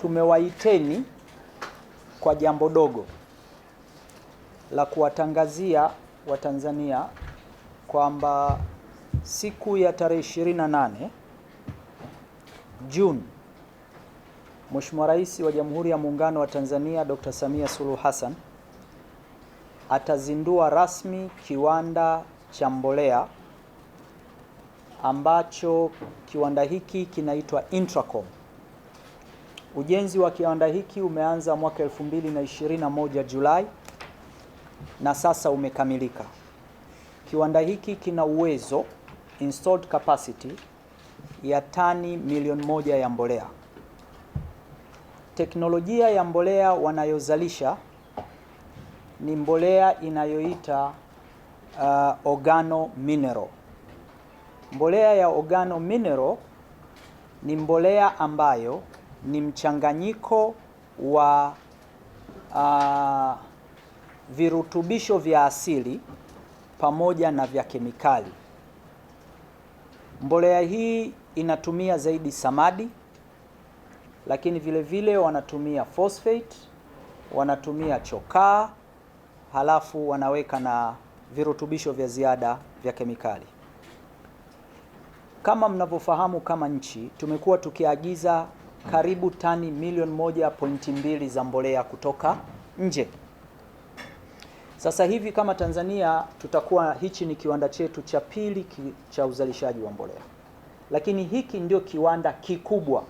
tumewaiteni kwa jambo dogo la kuwatangazia Watanzania kwamba siku ya tarehe 28 Juni Mheshimiwa Rais wa Jamhuri ya Muungano wa Tanzania Dr. Samia Suluhu Hassan atazindua rasmi kiwanda cha mbolea ambacho kiwanda hiki kinaitwa Intracom. Ujenzi wa kiwanda hiki umeanza mwaka 2021 Julai na sasa umekamilika. Kiwanda hiki kina uwezo installed capacity ya tani milioni moja ya mbolea. Teknolojia ya mbolea wanayozalisha ni mbolea inayoita uh, organo mineral. Mbolea ya organo mineral ni mbolea ambayo ni mchanganyiko wa uh, virutubisho vya asili pamoja na vya kemikali. Mbolea hii inatumia zaidi samadi, lakini vile vile wanatumia phosphate, wanatumia chokaa, halafu wanaweka na virutubisho vya ziada vya kemikali. Kama mnavyofahamu, kama nchi tumekuwa tukiagiza karibu tani milioni moja pointi mbili za mbolea kutoka nje. Sasa hivi kama Tanzania tutakuwa hichi ni kiwanda chetu cha pili ki, cha uzalishaji wa mbolea, lakini hiki ndio kiwanda kikubwa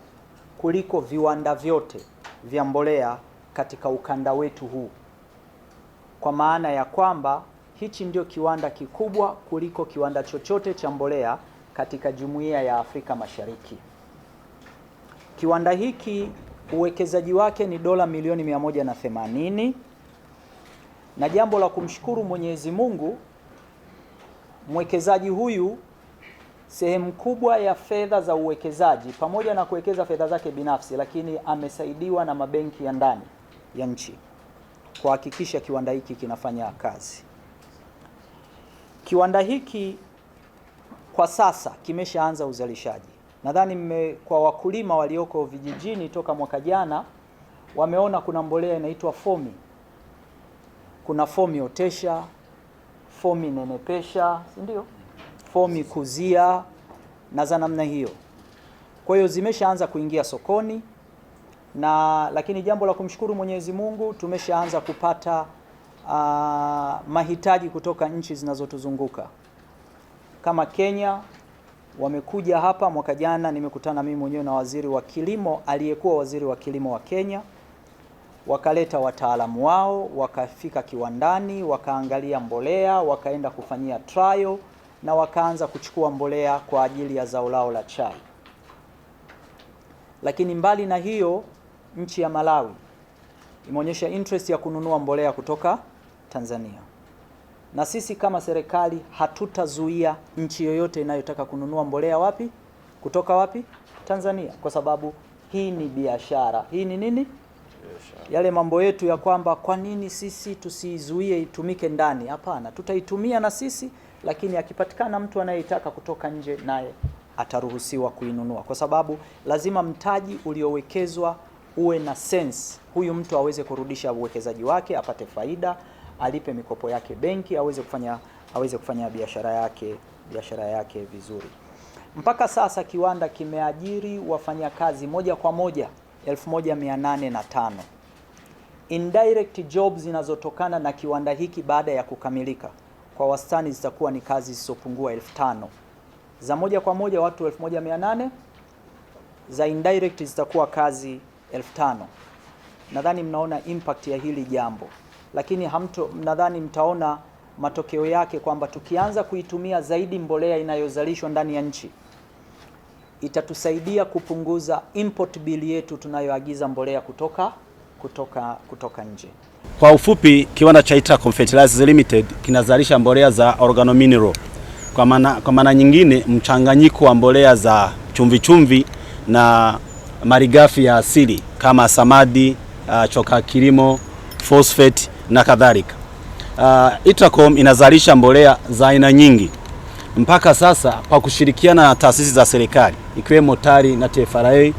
kuliko viwanda vyote vya mbolea katika ukanda wetu huu, kwa maana ya kwamba hichi ndio kiwanda kikubwa kuliko kiwanda chochote cha mbolea katika jumuiya ya Afrika Mashariki. Kiwanda hiki uwekezaji wake ni dola milioni 180, na jambo la kumshukuru Mwenyezi Mungu, mwekezaji huyu sehemu kubwa ya fedha za uwekezaji, pamoja na kuwekeza fedha zake binafsi, lakini amesaidiwa na mabenki ya ndani ya nchi kuhakikisha kiwanda hiki kinafanya kazi. Kiwanda hiki kwa sasa kimeshaanza uzalishaji nadhani kwa wakulima walioko vijijini toka mwaka jana wameona kuna mbolea inaitwa fomi, kuna fomi otesha, fomi nenepesha, si ndio? Fomi kuzia na za namna hiyo. Kwa hiyo zimeshaanza kuingia sokoni na lakini jambo la kumshukuru Mwenyezi Mungu tumeshaanza kupata uh, mahitaji kutoka nchi zinazotuzunguka kama Kenya wamekuja hapa. Mwaka jana nimekutana mimi mwenyewe na waziri wa kilimo, aliyekuwa waziri wa kilimo wa Kenya, wakaleta wataalamu wao, wakafika kiwandani, wakaangalia mbolea, wakaenda kufanyia trial na wakaanza kuchukua mbolea kwa ajili ya zao lao la chai. Lakini mbali na hiyo, nchi ya Malawi imeonyesha interest ya kununua mbolea kutoka Tanzania na sisi kama serikali hatutazuia nchi yoyote inayotaka kununua mbolea wapi kutoka wapi Tanzania, kwa sababu hii ni biashara. Hii ni nini? Biashara. Yale mambo yetu ya kwamba kwa nini sisi tusizuie itumike ndani, hapana, tutaitumia na sisi, lakini akipatikana mtu anayeitaka kutoka nje, naye ataruhusiwa kuinunua, kwa sababu lazima mtaji uliowekezwa uwe na sense, huyu mtu aweze kurudisha uwekezaji wake apate faida alipe mikopo yake benki, aweze kufanya aweze kufanya biashara yake biashara yake vizuri. Mpaka sasa kiwanda kimeajiri wafanyakazi moja kwa moja 1805. Indirect jobs zinazotokana na kiwanda hiki baada ya kukamilika kwa wastani zitakuwa ni kazi zisizopungua 5000 za moja kwa moja watu 1800, za indirect zitakuwa kazi 5000. Nadhani mnaona impact ya hili jambo lakini hamto, nadhani mtaona matokeo yake kwamba tukianza kuitumia zaidi mbolea inayozalishwa ndani ya nchi itatusaidia kupunguza import bill yetu tunayoagiza mbolea kutoka, kutoka, kutoka nje. Kwa ufupi, kiwanda cha Itaco Fertilizers Limited kinazalisha mbolea za mineral, kwa maana kwa maana nyingine mchanganyiko wa mbolea za chumvichumvi na malighafi ya asili kama samadi, ah, choka kilimo, phosphate na kadhalika. Uh, ah, Itracom inazalisha mbolea za aina nyingi mpaka sasa kwa kushirikiana na taasisi za serikali ikiwemo TARI na TFRA.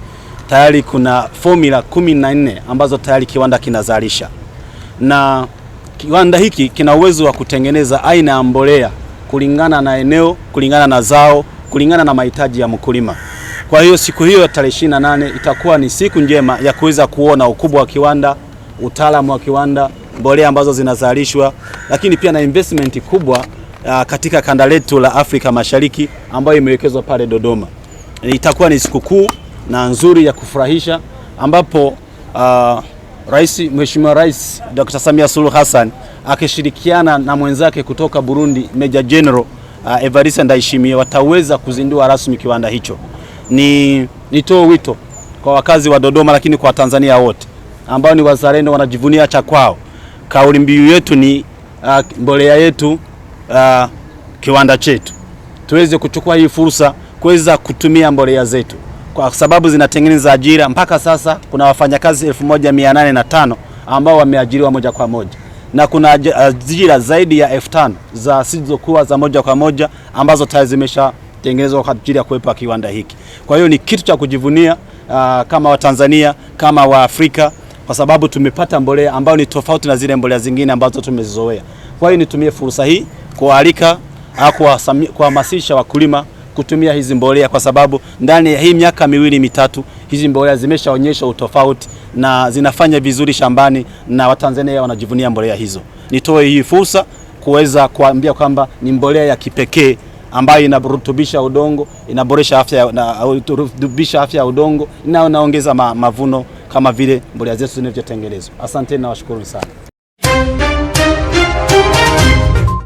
Tayari kuna formula 14 ambazo tayari kiwanda kinazalisha, na kiwanda hiki kina uwezo wa kutengeneza aina ya mbolea kulingana na eneo, kulingana na zao, kulingana na mahitaji ya mkulima. Kwa hiyo siku hiyo tarehe 28 itakuwa ni siku njema ya kuweza kuona ukubwa wa kiwanda, utaalamu wa kiwanda mbolea ambazo zinazalishwa, lakini pia na investment kubwa uh, katika kanda letu la Afrika Mashariki ambayo imewekezwa pale Dodoma. Itakuwa ni sikukuu na nzuri ya kufurahisha ambapo uh, Rais Mheshimiwa Rais Dr. Samia Suluhu Hassan akishirikiana na mwenzake kutoka Burundi Meja General uh, Evariste Ndayishimiye wataweza kuzindua rasmi kiwanda hicho. Ni nitoe wito kwa wakazi wa Dodoma, lakini kwa Tanzania wote ambao ni wazalendo wanajivunia cha kwao kauli mbiu yetu ni uh, mbolea yetu uh, kiwanda chetu. Tuweze kuchukua hii fursa kuweza kutumia mbolea zetu kwa sababu zinatengeneza ajira. Mpaka sasa kuna wafanyakazi 1805 ambao wameajiriwa moja kwa moja na kuna ajira zaidi ya 5000 za zisizokuwa za moja kwa moja ambazo tayari zimeshatengenezwa kwa ajili ya kuwepo kiwanda hiki. Kwa hiyo ni kitu cha kujivunia uh, kama Watanzania kama Waafrika kwa sababu tumepata mbolea ambayo ni tofauti na zile mbolea zingine ambazo tumezizoea. Kwa hiyo nitumie fursa hii kuwaalika ah, kuhamasisha wakulima kutumia hizi mbolea kwa sababu ndani ya hii miaka miwili mitatu hizi mbolea zimeshaonyesha utofauti na zinafanya vizuri shambani na Watanzania wanajivunia mbolea hizo. Nitoe hii fursa kuweza kuambia kwamba ni mbolea ya kipekee ambayo inarutubisha udongo, inaboresha afya, na, rutubisha afya ya udongo na inaongeza mavuno kama vile mbolea zetu zinavyotengenezwa. Asanteni na washukuru sana.